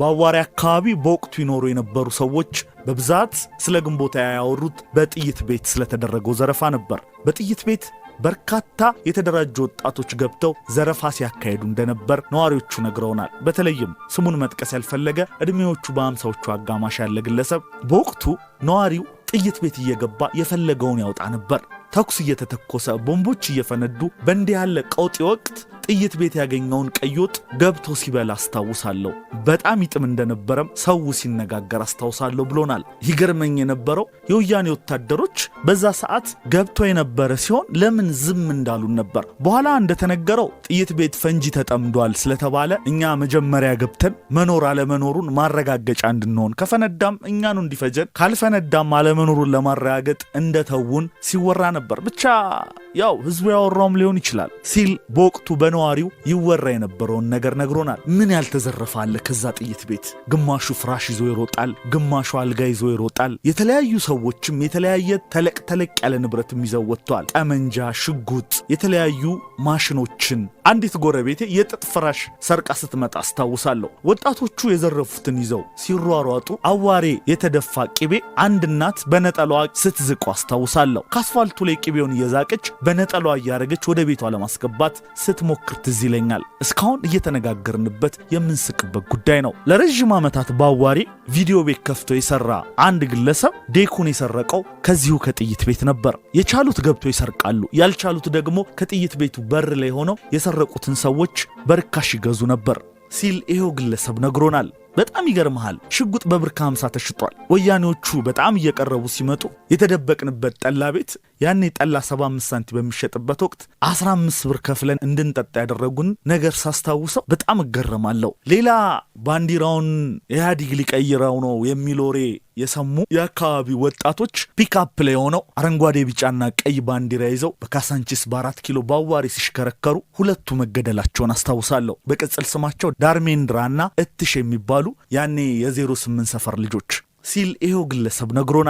በአዋሪ አካባቢ በወቅቱ ይኖሩ የነበሩ ሰዎች በብዛት ስለ ግንቦት ያወሩት በጥይት ቤት ስለተደረገው ዘረፋ ነበር። በጥይት ቤት በርካታ የተደራጁ ወጣቶች ገብተው ዘረፋ ሲያካሄዱ እንደነበር ነዋሪዎቹ ነግረውናል። በተለይም ስሙን መጥቀስ ያልፈለገ ዕድሜዎቹ በአምሳዎቹ አጋማሽ ያለ ግለሰብ በወቅቱ ነዋሪው ጥይት ቤት እየገባ የፈለገውን ያውጣ ነበር። ተኩስ እየተተኮሰ ቦምቦች እየፈነዱ በእንዲህ ያለ ቀውጢ ወቅት ጥይት ቤት ያገኘውን ቀይ ወጥ ገብቶ ሲበላ አስታውሳለሁ። በጣም ይጥም እንደነበረም ሰው ሲነጋገር አስታውሳለሁ ብሎናል። ይገርመኝ የነበረው የወያኔ ወታደሮች በዛ ሰዓት ገብቶ የነበረ ሲሆን ለምን ዝም እንዳሉን ነበር። በኋላ እንደተነገረው ጥይት ቤት ፈንጂ ተጠምዷል ስለተባለ እኛ መጀመሪያ ገብተን መኖር አለመኖሩን ማረጋገጫ እንድንሆን ከፈነዳም እኛኑ እንዲፈጀን ካልፈነዳም አለመኖሩን ለማረጋገጥ እንደተውን ሲወራ ነበር። ብቻ ያው ህዝቡ ያወራውም ሊሆን ይችላል ሲል በወቅቱ በነ ነዋሪው ይወራ የነበረውን ነገር ነግሮናል። ምን ያልተዘረፈ አለ ከዛ ጥይት ቤት? ግማሹ ፍራሽ ይዞ ይሮጣል፣ ግማሹ አልጋ ይዞ ይሮጣል። የተለያዩ ሰዎችም የተለያየ ተለቅ ተለቅ ያለ ንብረትም ይዘው ወጥተዋል። ጠመንጃ፣ ሽጉጥ፣ የተለያዩ ማሽኖችን። አንዲት ጎረቤቴ የጥጥ ፍራሽ ሰርቃ ስትመጣ አስታውሳለሁ። ወጣቶቹ የዘረፉትን ይዘው ሲሯሯጡ አዋሬ የተደፋ ቅቤ አንድ እናት በነጠላዋ ስትዝቆ አስታውሳለሁ። ከአስፋልቱ ላይ ቅቤውን እየዛቀች በነጠላዋ እያደረገች ወደ ቤቷ ለማስገባት ስትሞክር ሳልሞክር ትዝ ይለኛል። እስካሁን እየተነጋገርንበት የምንስቅበት ጉዳይ ነው። ለረዥም ዓመታት በአዋሪ ቪዲዮ ቤት ከፍቶ የሰራ አንድ ግለሰብ ዴኩን የሰረቀው ከዚሁ ከጥይት ቤት ነበር። የቻሉት ገብቶ ይሰርቃሉ፣ ያልቻሉት ደግሞ ከጥይት ቤቱ በር ላይ ሆነው የሰረቁትን ሰዎች በርካሽ ይገዙ ነበር ሲል ይኸው ግለሰብ ነግሮናል። በጣም ይገርመሃል፣ ሽጉጥ በብር ከሃምሳ ተሽጧል። ወያኔዎቹ በጣም እየቀረቡ ሲመጡ የተደበቅንበት ጠላ ቤት ያኔ ጠላ 75 ሳንቲ በሚሸጥበት ወቅት 15 ብር ከፍለን እንድንጠጣ ያደረጉን ነገር ሳስታውሰው በጣም እገረማለሁ። ሌላ ባንዲራውን ኢህአዲግ ሊቀይረው ነው የሚል ወሬ የሰሙ የአካባቢ ወጣቶች ፒካፕ ላይ ሆነው አረንጓዴ ቢጫና ቀይ ባንዲራ ይዘው በካሳንቺስ በአራት ኪሎ በአዋሪ ሲሽከረከሩ ሁለቱ መገደላቸውን አስታውሳለሁ። በቅጽል ስማቸው ዳርሜንድራና እትሽ የሚባሉ ያኔ የዜሮ ስምንት ሰፈር ልጆች ሲል ይሄው ግለሰብ ነግሮናል።